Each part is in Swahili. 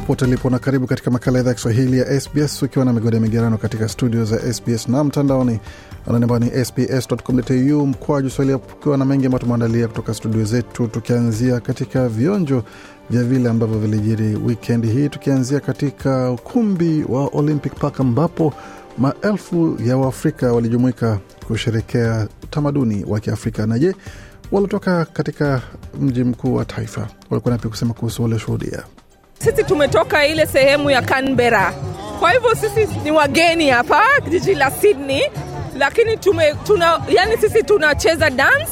popote ulipo na karibu katika makala ya idhaa ya Kiswahili ya SBS ukiwa na migodi ya migerano katika studio za SBS na mtandaoni ananimbao ni sbs.com.au mkwaju swahili, ukiwa na mengi ambayo tumeandalia kutoka studio zetu, tukianzia katika vionjo vya vile ambavyo vilijiri wikendi hii, tukianzia katika ukumbi wa Olympic Park ambapo maelfu ya Waafrika walijumuika kusherekea utamaduni wa Kiafrika. Na je, waliotoka katika mji mkuu wa taifa walikuwa napi kusema kuhusu walioshuhudia? Sisi tumetoka ile sehemu ya Canberra, kwa hivyo sisi ni wageni hapa jiji la Sydney, lakini tume, tuna, yani sisi tunacheza dance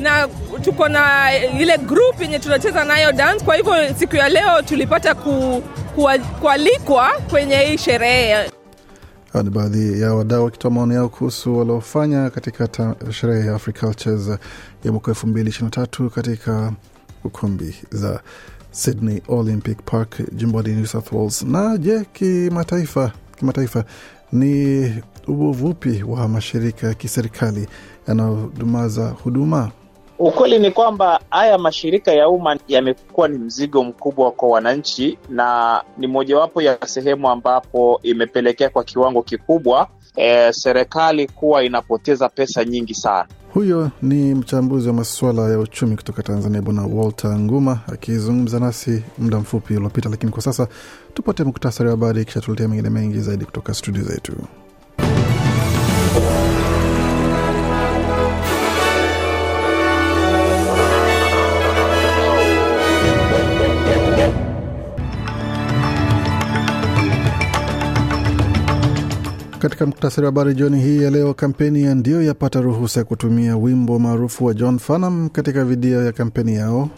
na tuko na ile group yenye tunacheza nayo dance. Kwa hivyo siku ya leo tulipata ku, kualikwa kwenye hii sherehe. Ni baadhi ya wadau wakitoa maoni yao kuhusu waliofanya katika sherehe ya Africultures ya mwaka elfu mbili ishirini na tatu katika ukumbi za Sydney Olympic Park jimboni New South Wales. Na je, kimataifa, kimataifa ni uvuvupi wa mashirika ya kiserikali yanayodumaza huduma? Ukweli ni kwamba haya mashirika ya umma yamekuwa ni mzigo mkubwa kwa wananchi, na ni mojawapo ya sehemu ambapo imepelekea kwa kiwango kikubwa e, serikali kuwa inapoteza pesa nyingi sana. Huyo ni mchambuzi wa masuala ya uchumi kutoka Tanzania, Bwana Walter Nguma akizungumza nasi muda mfupi uliopita. Lakini kwa sasa tupate muktasari wa habari, kisha tuletea mengine mengi zaidi kutoka studio zetu. katika muktasari wa habari jioni hii ya leo, kampeni ya Ndio yapata ruhusa ya kutumia wimbo maarufu wa John Farnham katika video ya kampeni yao.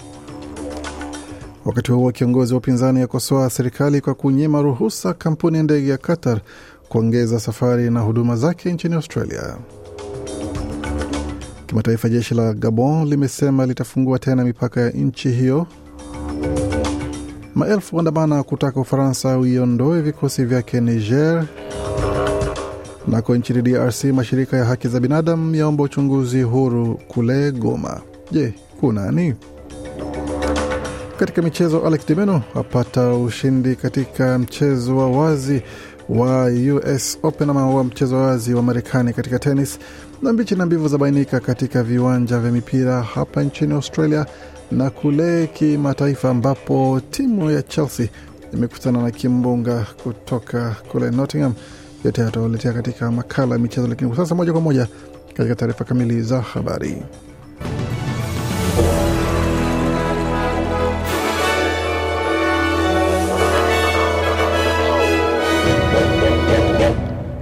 Wakati huo kiongozi wa upinzani yakosoa serikali kwa kunyima ruhusa kampuni ya ndege ya Qatar kuongeza safari na huduma zake nchini Australia. Kimataifa, jeshi la Gabon limesema litafungua tena mipaka ya nchi hiyo. Maelfu waandamana kutaka Ufaransa uiondoe vikosi vyake Niger. Nako nchini DRC, mashirika ya haki za binadamu yaomba uchunguzi huru kule Goma. Je, kunani? Katika michezo, Alex Dimeno apata ushindi katika mchezo wa wazi wa US Open ama wa mchezo wa wazi wa Marekani katika tenis, na mbichi na mbivu za bainika katika viwanja vya mipira hapa nchini Australia na kule kimataifa, ambapo timu ya Chelsea imekutana na kimbunga kutoka kule Nottingham yote yatawaletea katika makala ya michezo, lakini kwa sasa moja kwa moja katika taarifa kamili za habari.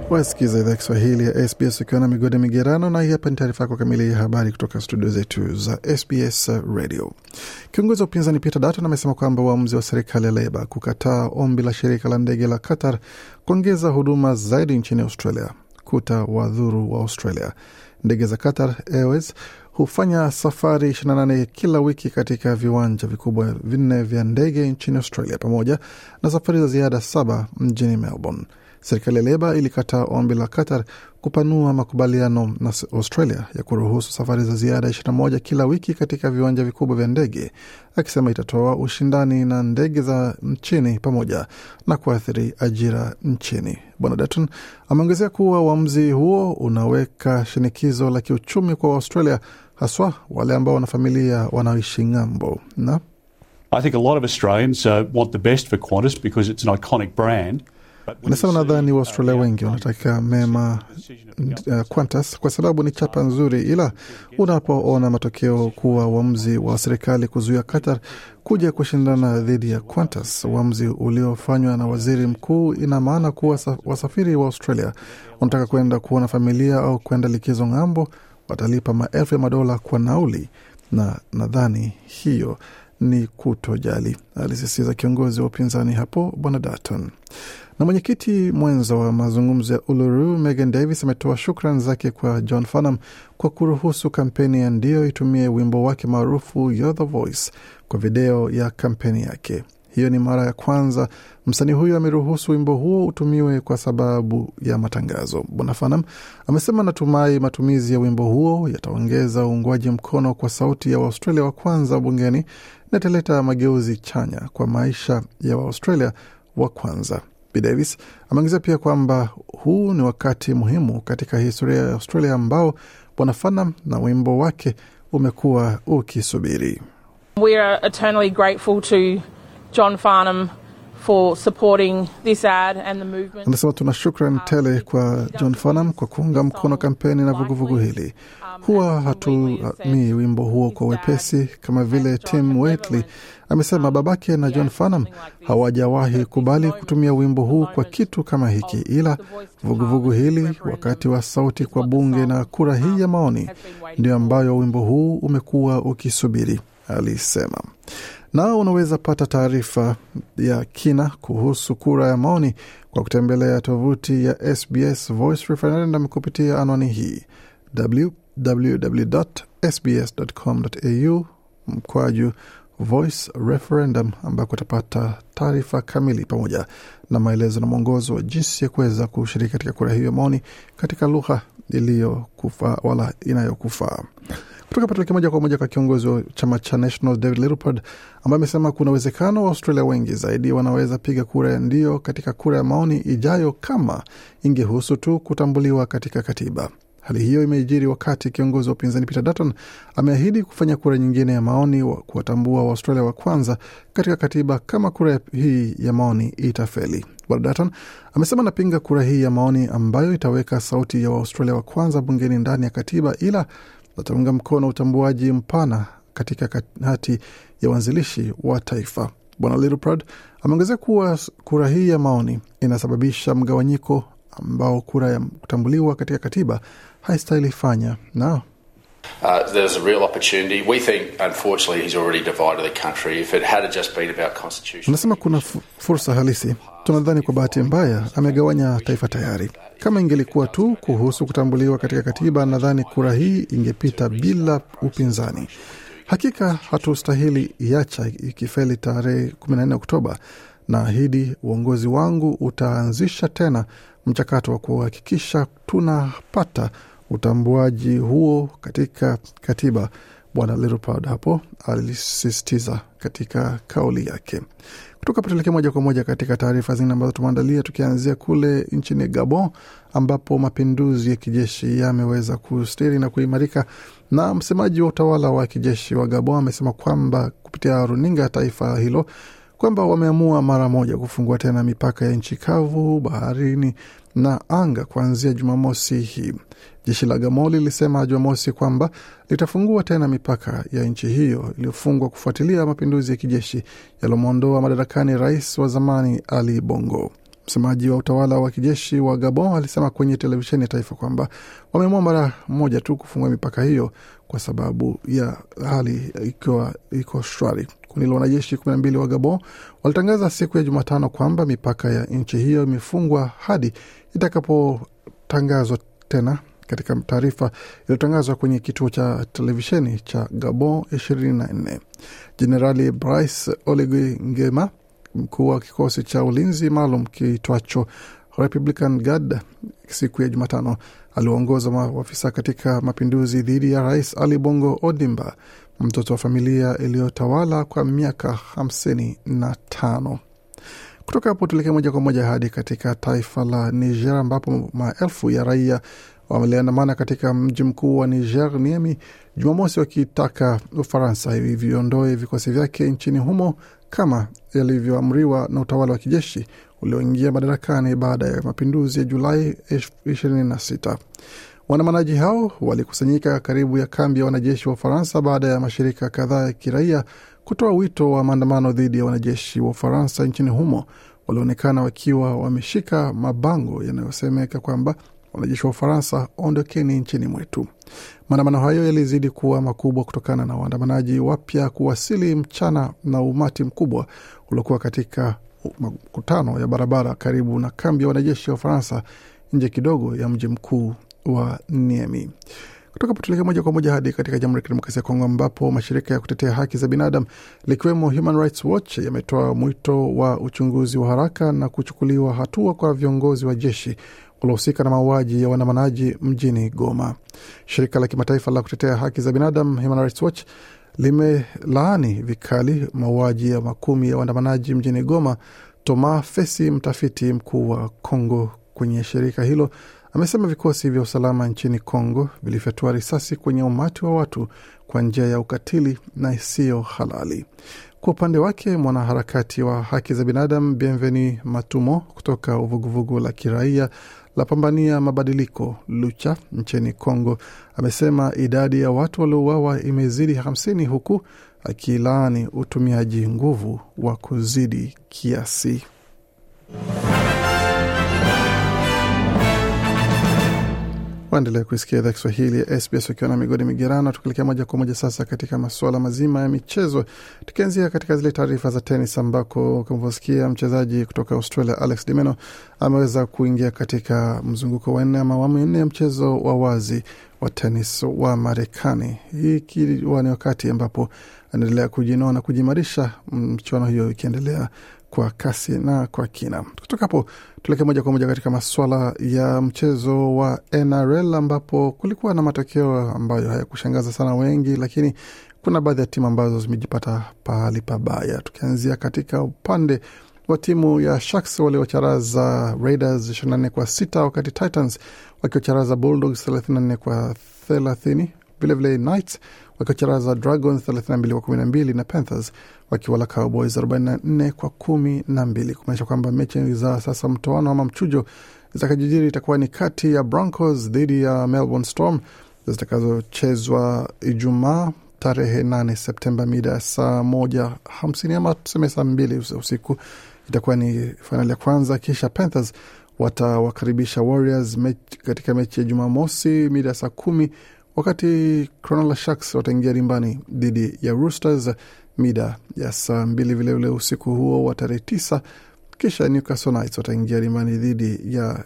Wasikiza idhaa Kiswahili ya SBS ukiwa na migode migerano, na hii hapa ni taarifa yako kamili ya habari kutoka studio zetu za SBS Radio. Kiongozi wa upinzani Peter Dutton amesema kwamba uamuzi wa serikali ya Leba kukataa ombi la shirika la ndege la Qatar kuongeza huduma zaidi nchini Australia kuta wadhuru wa Australia. Ndege za Qatar Airways hufanya safari 28 kila wiki katika viwanja vikubwa vinne vya ndege nchini Australia, pamoja na safari za ziada saba mjini Melbourne. Serikali ya Leba ilikataa ombi la Qatar kupanua makubaliano na Australia ya kuruhusu safari za ziada 21 kila wiki katika viwanja vikubwa vya ndege, akisema itatoa ushindani na ndege za nchini pamoja na kuathiri ajira nchini. Bwana Dutton ameongezea kuwa uamuzi huo unaweka shinikizo la kiuchumi kwa Australia, haswa wale ambao wana familia wanaoishi ng'ambo na I think a lot of Australians uh, want the best for Qantas because it's an iconic brand. Anasema nadhani Waustralia wengi wanataka mema uh, Qantas kwa sababu ni chapa nzuri, ila unapoona matokeo kuwa uamuzi wa serikali kuzuia Qatar kuja kushindana dhidi ya Qantas, uamuzi uliofanywa na waziri mkuu, ina maana kuwa wasafiri wa Australia wanataka kwenda kuona familia au kwenda likizo ng'ambo watalipa maelfu ya madola kwa nauli, na nadhani hiyo ni kutojali, alisisitiza kiongozi wa upinzani hapo Bwana Dutton. Na mwenyekiti mwenza wa mazungumzo ya Uluru Megan Davis ametoa shukran zake kwa John Farnham kwa kuruhusu kampeni ya Ndio itumie wimbo wake maarufu You're the Voice kwa video ya kampeni yake. Hiyo ni mara ya kwanza msanii huyo ameruhusu wimbo huo utumiwe kwa sababu ya matangazo. Bwana Fanam amesema natumai matumizi ya wimbo huo yataongeza uungwaji mkono kwa sauti ya Waustralia wa kwanza bungeni na italeta mageuzi chanya kwa maisha ya Waaustralia wa kwanza. B Davis ameongezea pia kwamba huu ni wakati muhimu katika historia ya Australia ambao Bwana Fanam na wimbo wake umekuwa ukisubiri. We are eternally grateful to John Farnham Anasema tuna shukran um, tele kwa John Farnham kwa kuunga mkono kampeni na vuguvugu hili. Um, Huwa hatumii uh, wimbo huo kwa wepesi, kama vile Tim Waitley amesema um, babake na John Farnham hawajawahi kubali kutumia wimbo huu kwa kitu kama hiki, ila vuguvugu hili wakati wa sauti kwa bunge na kura hii ya maoni ndio ambayo wimbo huu umekuwa ukisubiri, alisema na unaweza pata taarifa ya kina kuhusu kura ya maoni kwa kutembelea tovuti ya SBS Voice Referendum kupitia anwani hii www.sbs.com.au mkwaju Voice Referendum, ambako utapata taarifa kamili pamoja na maelezo na mwongozo wa jinsi ya kuweza kushiriki katika kura hiyo maoni katika lugha iliyokufaa wala inayokufaa. Kutoka Pataliki moja kwa moja kwa kiongozi wa chama cha National David Littleproud ambaye amesema kuna uwezekano wa Australia wengi zaidi wanaweza piga kura ya ndio katika kura ya maoni ijayo kama ingehusu tu kutambuliwa katika katiba. Hali hiyo imejiri wakati kiongozi wa upinzani Peter Dutton ameahidi kufanya kura nyingine ya maoni wa kuwatambua Waaustralia wa kwanza katika katiba kama kura hii ya maoni itafeli. Bwana Dutton amesema anapinga kura hii ya maoni ambayo itaweka sauti ya Waaustralia wa kwanza bungeni ndani ya katiba, ila wataunga mkono utambuaji mpana katika hati ya uanzilishi wa taifa. Bwana Littleproud ameongezea kuwa kura hii ya maoni inasababisha mgawanyiko ambao kura ya kutambuliwa katika katiba haistahili fanya na Uh, there's a real opportunity. We think, unfortunately, he's already divided the country. If it had just been about constitution... Anasema kuna fursa halisi. Tunadhani kwa bahati mbaya amegawanya taifa tayari. Kama ingelikuwa tu kuhusu kutambuliwa katika katiba, nadhani kura hii ingepita bila upinzani. Hakika hatustahili iacha ikifeli tarehe 14 Oktoba. Naahidi uongozi wangu utaanzisha tena mchakato wa kuhakikisha tunapata utambuaji huo katika katiba. Bwana Littleproud hapo alisisitiza katika kauli yake. Kutoka patulekea moja kwa moja katika taarifa zingine ambazo tumeandalia, tukianzia kule nchini Gabon ambapo mapinduzi ya kijeshi yameweza kustiri na kuimarika, na msemaji wa utawala wa kijeshi wa Gabon amesema kwamba kupitia runinga ya taifa hilo kwamba wameamua mara moja kufungua tena mipaka ya nchi kavu, baharini na anga kuanzia Jumamosi hii. Jeshi la Gabon lilisema Jumamosi kwamba litafungua tena mipaka ya nchi hiyo iliyofungwa kufuatilia mapinduzi ya kijeshi yaliyomwondoa madarakani rais wa zamani Ali Bongo. Msemaji wa utawala wa kijeshi wa Gabon alisema kwenye televisheni ya taifa kwamba wameamua mara moja tu kufungua mipaka hiyo kwa sababu ya hali ikiwa iko shwari. Kundi la wanajeshi kumi na mbili wa Gabon walitangaza siku ya Jumatano kwamba mipaka ya nchi hiyo imefungwa hadi itakapotangazwa tena katika taarifa iliyotangazwa kwenye kituo cha televisheni cha Gabon 24. Jenerali Brice Oligui Nguema, mkuu wa kikosi cha ulinzi maalum kiitwacho Republican Guard, siku ya Jumatano aliwaongoza maafisa katika mapinduzi dhidi ya Rais Ali Bongo Odimba, mtoto wa familia iliyotawala kwa miaka hamsini na tano Kutoka hapo tuelekee moja kwa moja hadi katika taifa la Niger ambapo maelfu ya raia wameliandamana katika mji mkuu wa Niger, Niemi, Jumamosi, wakitaka Ufaransa iviondoe vikosi vyake nchini humo kama yalivyoamriwa na utawala wa kijeshi ulioingia madarakani baada ya mapinduzi ya Julai 26. Waandamanaji hao walikusanyika karibu ya kambi ya wanajeshi wa Ufaransa baada ya mashirika kadhaa ya kiraia kutoa wito wa maandamano dhidi ya wanajeshi wa Ufaransa nchini humo. Walionekana wakiwa wameshika mabango yanayosemeka kwamba wanajeshi wa Ufaransa waondokeni nchini mwetu. Maandamano hayo yalizidi kuwa makubwa kutokana na waandamanaji wapya kuwasili mchana na umati mkubwa uliokuwa katika makutano ya barabara karibu na kambi ya wanajeshi wa Ufaransa nje kidogo ya mji mkuu wa Niemi. Kutoka potuleke moja kwa moja hadi katika Jamhuri ya Kidemokrasia ya Kongo, ambapo mashirika ya kutetea haki za binadamu likiwemo Human Rights Watch yametoa mwito wa uchunguzi wa haraka na kuchukuliwa hatua kwa viongozi wa jeshi waliohusika na mauaji ya waandamanaji mjini Goma. Shirika la kimataifa la kutetea haki za binadamu Human Rights Watch limelaani vikali mauaji ya makumi ya waandamanaji mjini Goma. Toma Fesi, mtafiti mkuu wa Kongo kwenye shirika hilo, amesema vikosi vya usalama nchini Kongo vilifyatua risasi kwenye umati wa watu kwa njia ya ukatili na isiyo halali. Kwa upande wake, mwanaharakati wa haki za binadamu Bienveni Matumo kutoka uvuguvugu la kiraia la pambania mabadiliko Lucha nchini congo amesema idadi ya watu waliouawa imezidi hamsini huku akilaani utumiaji nguvu wa kuzidi kiasi. Waendelea kuisikia idhaa Kiswahili ya SBS wakiwa na migodi migerano. Tukielekea moja kwa moja sasa katika masuala mazima ya michezo, tukianzia katika zile taarifa za tenis, ambako unavyosikia mchezaji kutoka Australia Alex de Minaur ameweza kuingia katika mzunguko wa nne ama awamu ya nne ya mchezo wa wazi wa tenis wa Marekani, hii ikiwa ni wakati ambapo anaendelea kujinoa na kujimarisha mchuano hiyo ikiendelea kwa kasi na kwa kina. Kutoka hapo tuleke moja kwa moja katika maswala ya mchezo wa NRL ambapo kulikuwa na matokeo ambayo hayakushangaza sana wengi, lakini kuna baadhi ya timu ambazo zimejipata pahali pabaya, tukianzia katika upande wa timu ya Sharks waliocharaza Raiders 24 kwa sita, wakati Titans wakiocharaza Bulldogs 34 kwa 30. Vilevile Knights wakiwacharaza Dragons 32 kwa 12 na Panthers wakiwala Cowboys 44 kwa 12, kumaanisha kwamba mechi za sasa mtoano ama mchujo za kijijini itakuwa ni kati ya Broncos dhidi ya Melbourne Storm zitakazochezwa Ijumaa tarehe 8 Septemba mida ya saa moja hamsini ama tuseme saa mbili usiku itakuwa ni fainali ya kwanza, kisha Panthers watawakaribisha Warriors mech, katika mechi ya Jumamosi mida ya saa kumi wakati Cronulla Sharks wataingia dimbani dhidi ya Roosters mida ya saa mbili vilevile usiku huo wa tarehe tisa. Kisha Newcastle Knights wataingia dimbani dhidi ya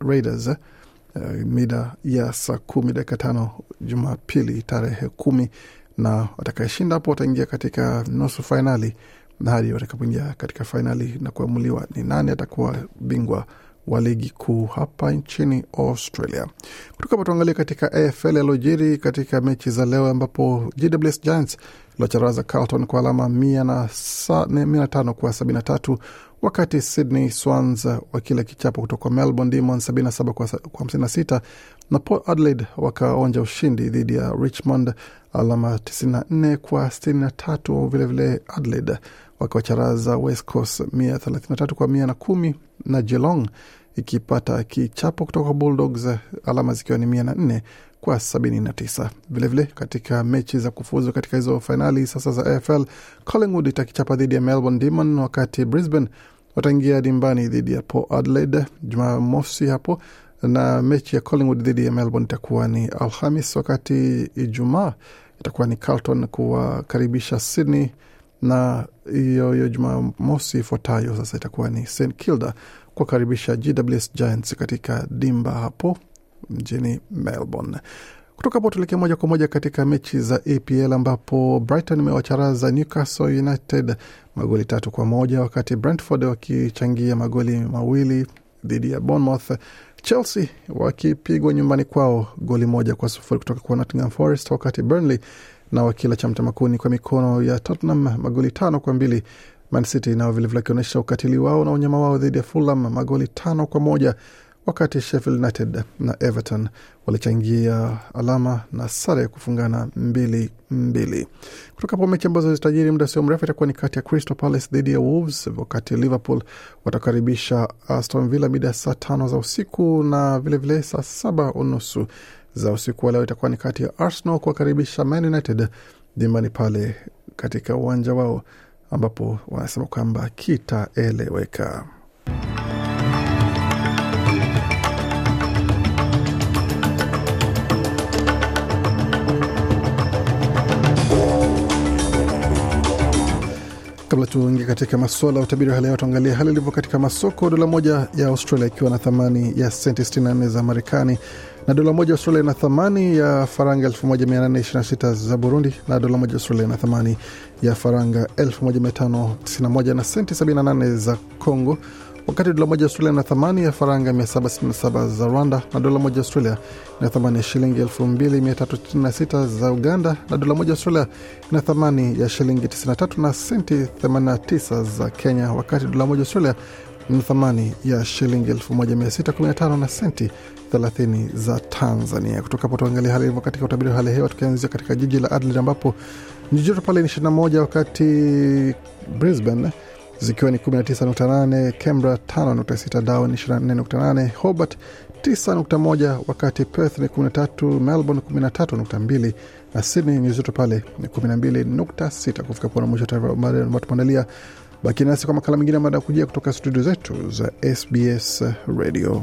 Raiders uh, mida ya saa kumi dakika tano Jumapili tarehe kumi, na watakayeshinda hapo wataingia katika nusu fainali na hadi watakapoingia katika fainali na kuamuliwa ni nani atakuwa bingwa wa ligi kuu hapa nchini Australia. Kutoka hapa tuangalie katika AFL yaliyojiri katika mechi za leo, ambapo GWS Giants iliocharaza Carlton kwa alama 5 kwa 73 wakati Sydney Swans wakila kichapo kutoka Melbourne Demons 77 kwa 56 na Port Adelaide wakaonja ushindi dhidi ya Richmond alama 94 kwa 63. Vilevile Adelaide wakawacharaza West Coast 133 kwa 110 na Geelong ikipata kichapo kutoka kwa Bulldogs, alama zikiwa ni mia na nne kwa sabini na tisa. Vilevile katika mechi za kufuzu katika hizo fainali sasa za AFL, Collingwood itakichapa dhidi ya Melbourne Demon, wakati Brisbane wataingia dimbani dhidi ya Port Adelaide Jumamosi hapo, na mechi ya Collingwood dhidi ya Melbourne itakuwa ni Alhamis, wakati Ijumaa itakuwa ni Carlton kuwakaribisha Sydney, na hiyo hiyo Jumamosi ifuatayo sasa itakuwa ni St Kilda kuwakaribisha GWS Giants katika dimba hapo mjini Melbourne. Kutoka hapo tuelekee moja kwa moja katika mechi za APL ambapo Brighton imewacharaza Newcastle United magoli tatu kwa moja wakati Brentford wakichangia magoli mawili dhidi ya Bournemouth. Chelsea wakipigwa nyumbani kwao goli moja kwa sufuri kutoka kwa Nottingham Forest, wakati Burnley na wakila cha mtamakuni kwa mikono ya Tottenham magoli tano kwa mbili Man City nao vilevile wakionyesha ukatili wao na unyama wao dhidi ya Fulham magoli tano kwa moja wakati Sheffield United na Everton walichangia alama na sare ya kufungana mbili mbili. Kutoka hapo mechi ambazo zitajiri muda sio mrefu itakuwa ni kati ya Crystal Palace dhidi ya Wolves, wakati Liverpool watakaribisha Aston Villa mida saa tano za usiku na vilevile vile saa saba unusu za usiku wa leo itakuwa ni kati ya Arsenal kuwakaribisha Man United dimbani pale katika uwanja wao ambapo wanasema kwamba kitaeleweka. Kabla tuingia katika masuala ya utabiri wa hali ya hewa, tuangalie hali ilivyo katika masoko. Dola moja ya Australia ikiwa na thamani ya senti 64 za Marekani, na dola moja ya Australia ina thamani ya faranga 1826 za Burundi, na dola moja ya Australia ina thamani ya faranga 1591 na senti 78 za Congo wakati dola moja Australia na thamani ya faranga 77 za Rwanda na dola moja Australia ina thamani ya shilingi 2366 za Uganda na dola moja Australia ina thamani ya shilingi 93 na senti 89 za Kenya, wakati dola moja Australia ina thamani ya shilingi 1615 na senti 30 za Tanzania. Kutoka hapo tuangalia hali ilivyo katika utabiri wa hali ya hewa, tukianzia katika jiji la Adelaide ambapo ni joto pale ni 21, wakati Brisbane zikiwa ni 19.8, Canberra 5.6, Darwin 24.8, Hobart 9.1, wakati Perth ni 13, Melbourne 13.2 na Sydney nyuzi joto pale ni 12.6. Kufika pona mwisho taarifa ambayo tumeandalia. Baki nasi kwa makala mengine ya kujia kutoka studio zetu za SBS Radio.